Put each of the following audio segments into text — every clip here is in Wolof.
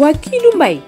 waa kii du mbay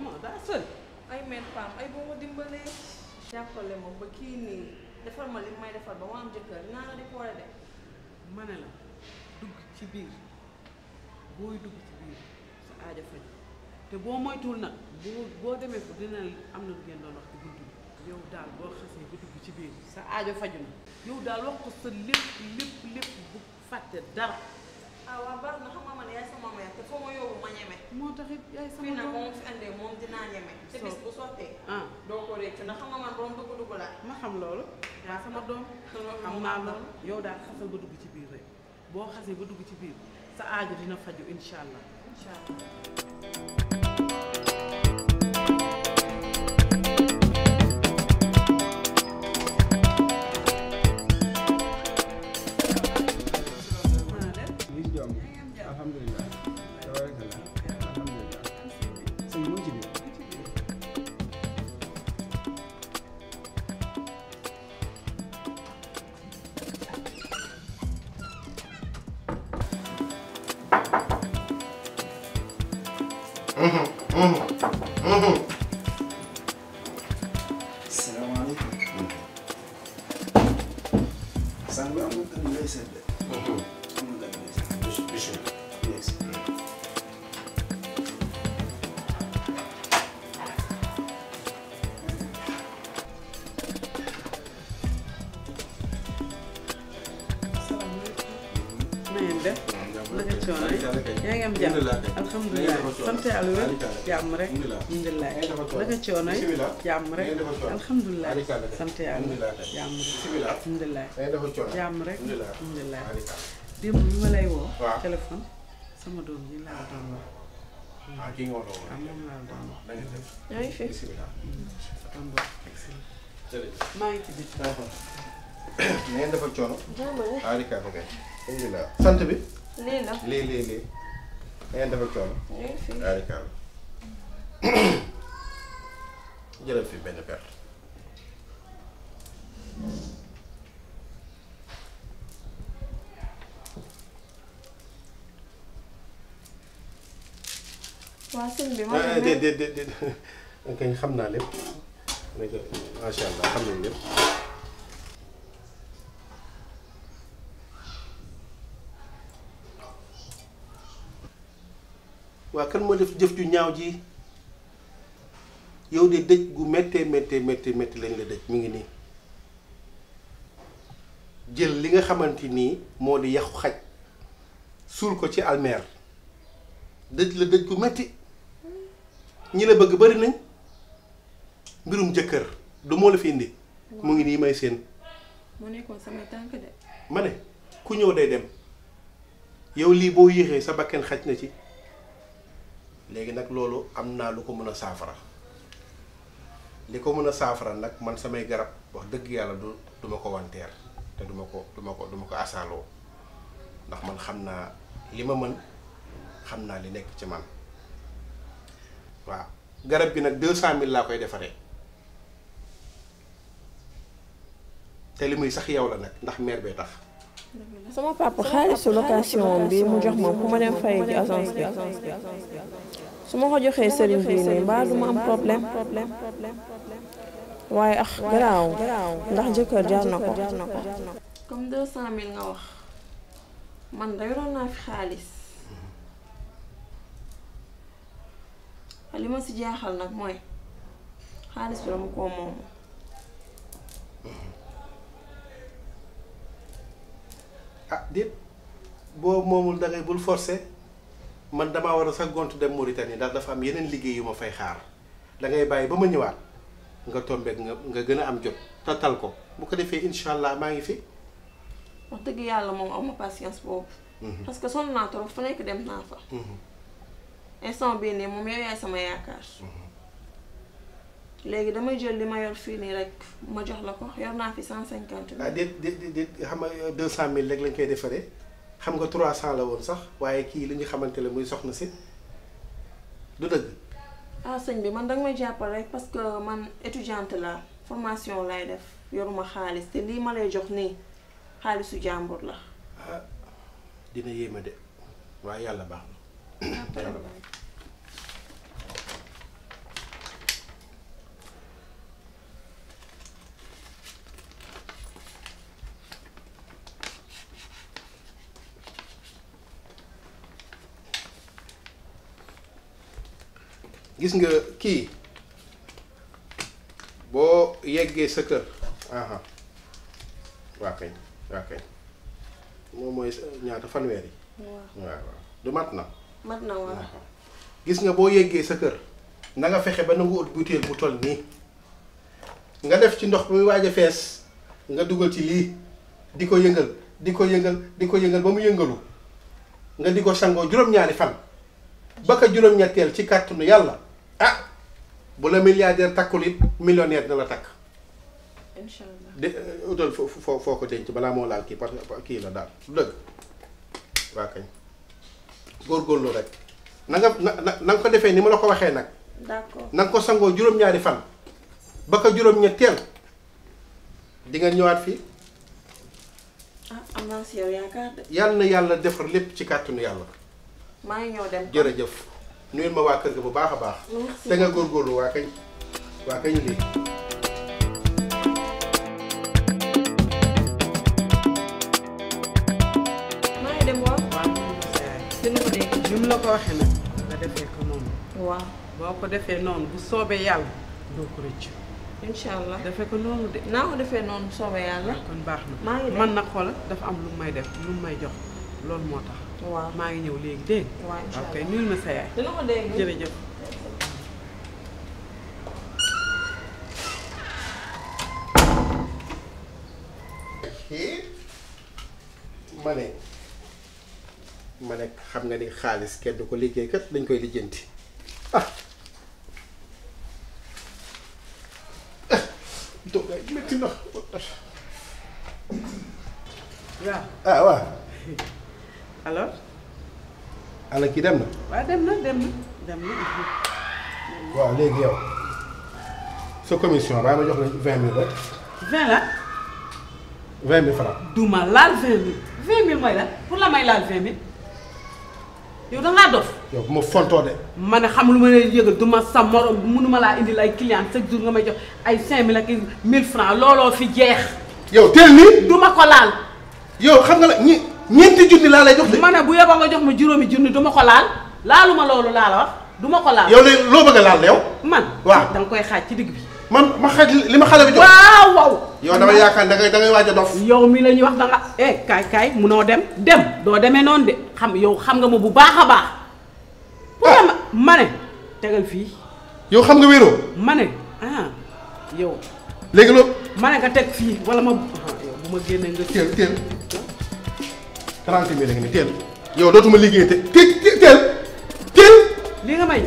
moom daa sori. ay mère Pam ay boo ma dimbalee. jàppale ma ba kii nii defar ma li may defar ba ma am jëkkër naa la di ko de a ma ne la dugg ci biir booy dugg ci biir sa aaja te boo moytuwul nag boo boo demee ko dina am na lu ngeen doon biir sa aajo faju na yow daal wax ko sa lépp lépp lépp bu fàtte dara. ah waaw baax na xam nga man yaay sama mère te foo ma yóbbu ma ñeme. moo tax yaay sama doom fii moom fi andee moom dinaa ñeme. te bis bu sottee. Ah. doo ko réccu ndax xam nga man borom dugg dugg laa. ma xam loolu. yaa sama doom. xam naa loolu yow daal xasal ba dugg ci biir rek boo xasee ba dugg ci biir sa aajo dina faju incha allah. incha allah. salaamaaleykum. sànq amul tamit lay seet de. amul tamit lay seet. yaa ngi am jàmm alhamdulilah sant yàlla wér jàmm rek alhamdulilah naka coono yi jàmm rek alhamdulilah sant yàlla jàmm rek alhamdulilah jàmm rek alhamdulilah démb bi ma lay woo téléphone sama doom ji laa doon ah, wax ah, sant bi. lii la lii lii lii da ngeen def ak coono. jëlal fi benn per. waaw sëñ bi moo ngi. Ah, déedéet déedéet kañ xam naa lépp. macha allah xam na lépp. waa kan moo def jëf ju ñaaw ji yow de dëj gu méttee méttee méttee metti lañ la dëj mu ngi nii jël li nga xamante nii moo di yàqu xaj suul ko ci almeer dëj la dëj gu metti ñi la bëgg bari nañ mbirum jëkkër du moo la fi indi mu ngi nii may seen mu nekkoon sama tànk de ma ne ku ñëw day dem yow lii boo yéexee sa bakkan xaj na ci léegi nag loolu am naa lu ko mën a saafara li ko mën a saafara nag man samay garab wax dëgg yàlla du du ma ko wanteer te duma ko du ma ko duma ko asaaloo ndax man xam naa li ma mën xam naa li nekk ci man waaw garab bi nag deux cent mille laa koy defaree te li muy sax yow la nag ndax meer bee tax sama papa xaalisu location bi mu jox ma ku ma dem fay ci bi su ma ko joxee sëriñ bi ne mbaa du ma am problème waaye ax garaaw ndax jëkkër jaar na ko. comme 200000 nga wax man dayroon naa fi xaalis li ma si jaaxal nag mooy xaalis bi dama koo moom. déet boo moomul da bul forcé man damaa war a sa gont dem Mauritanie ndax dafa am yeneen liggéey yu ma fay xaar dangay bàyyi ba ma ñëwaat nga tombeeg nga nga gën a am jot tatal ko bu ko defee incha allah maa ngi fi. wax dëgg yàlla moom am ma patience boobu. Mhm. parce que sonn naa trop fu nekk dem naa fa. Mhm. instant bii nii moom yow sama yaakaar. Mhm. léegi damay jël li ma yor fii nii rek ma jox la ko yor naa fi cent cinquante mille. ah déet déet déet xam nga euh, deux cent mille rek lañ koy defaree xam trois cent la woon sax waaye kii li ñu xamante la muy soxna si du dëgg. ah bi man danga may jàppal parce que man étudiante la formation lay def yoruma xaalis te lii ma jox nii xaalisu jàmbur la. Ah, dina yéeme de waaye yàlla baax na. Ah, gis nga kii boo yeggee sa kër aha waa kañ waa kañ moom mooy ñaata fanweer yi waaw waaw du mat na mat na waaw gis nga boo yeggee sa kër nanga fexe ba nangu ut butéel bu toll nii nga def ci ndox bi muy waaj a fees nga dugal ci lii di ko yëngal di ko yëngal di ko yëngal ba mu yëngalu nga di ko sangoo juróom-ñaari fan ba ka juróom-ñetteel ci kàttanu yàlla ah bu la milliardaire takkul it millionnaire dina la takk. incha allah de eh, utal foo foo ko denc balaa moo laal kii parce que kii la daal du dëgg waa kañ góorgóorlu rek na na na ko defee ni ma la ko waxee nag. d'accord ko sangoo juróom-ñaari fan ba ko juróom-ñetteel di nga ñëwaat fii. ah am yàlla na yàlla defar lépp ci kàttanu yàlla. maa ngi ñëw dem jërëjëf. nuyul ma waa kër ga bu baax a baax. te nga góorgóorlu waa kañ waa kañ léegi. li mu la ko waxee nag nga defee ko noonu. waaw boo ko defee noonu bu soobee yàlla doo ko rëcc. incha allah defee ko noonu de. naa ko defee noonu bu soobee yàlla. kon baax na man na xoolal dafa am lu may def lu may jox loolu moo tax. maa ngi ñëw léegi dégg nga. waaw incha ma sa yaay. dina ko ma ne ma ne xam nga ni xaalis kenn ko liggéey kat dañ koy lijjanti ah. ah waaw. Ah, alors. ana kii dem na. waaw dem na dem na dem na. waaw léegi yow sa commission bàyyi ma jox la vingt mille rek. vingt la. vingt duma laal vingt mille. vingt mille mooy la pour la may laal vingt mille yow da dof. yow bu ma fontoo de. ma ne xam lu ma lay yëgal duma sa morom mënuma laa indil ay client chaque jour nga may jox ay cinq mille ak mille francs looloo fi jeex. yow teel nii. duma ko laal. yow xam nga la ñi. ñeenti junni laa lay jox de. ma ne bu yeboo nga jox ma juróomi junni du ma ko laal laaluma loolu laa la wax du ma ko laal. yow léegi loo bëgg a laal yow. man waaw da nga koy xaaj ci digg bi. man ma xaaj li ma xale bi jox waaw waaw. yow dama yaakaar da ngay da ngay waaj a dof. yow mi la ñuy wax da nga eh kaay kaay munoo dem dem doo demee noonu de xam yow xam nga ma bu baax a baax. pour ah. ma ma ne tegal fii. yow xam nga wéeroo. ma ne ah yow. léegi loolu. ma ne nga teg fii wala ma bu ma génnee nga. teel teel. trente mille nga ni teel yow dootuma liggéey te te teel teel. li nga may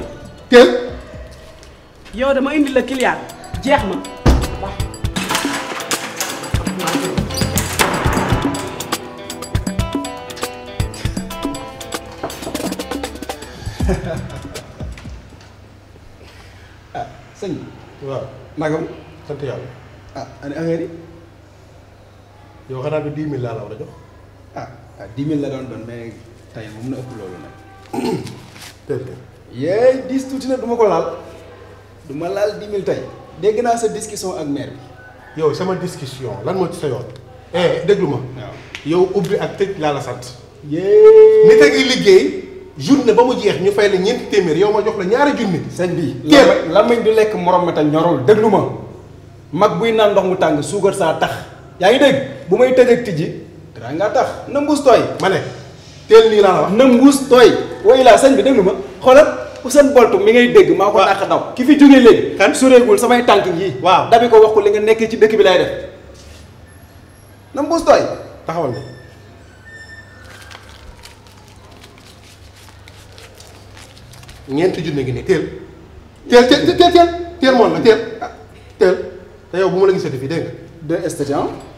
teel. yow dama indi la client jeex ma. ah sëñ bi. waaw ah ani affaire yi. yow xanaa bi dix mille laa la war a jox ah. waaw ah, dix la doon doon mais tey moom na ëpp loolu nag. tey du ma ko laal du ma laal dix mille tey dégg naa sa discussion ak maire bi. yow sama discussion lan moo ci sa yoon. eh déglu ma. yow ubbi ak tëj laa la sant. yeey nit a ngi liggéey. journée ba mu jeex ñu fay la ñeenti téeméer yow ma jox la ñaari junni. sëñ bi teel lamañ du lekk morom ma te ñorul déglu ma. mag buy naan ndox mu tàng suukar saa tax. yaa ngi dégg bu may tëj ak tijji. dara nga tax na mbuus tooy. ma ne teel nii laa la wax. na tooy. woy laa sëñ bi déglu ma xoolal seen Bolt mi ngay dégg. maa ko dàq daw ki fi jógee léegi. kan soreegul samay tànk yi. waaw dabi ko wax ko li nga nekkee ci dëkk bi lay def na mbuus tooy. taxawal nga. ñeenti junne gi ne teel. teel teel teel teel teel moom la teel ah teel te yow bu ma la gisati fii dégg nga. deux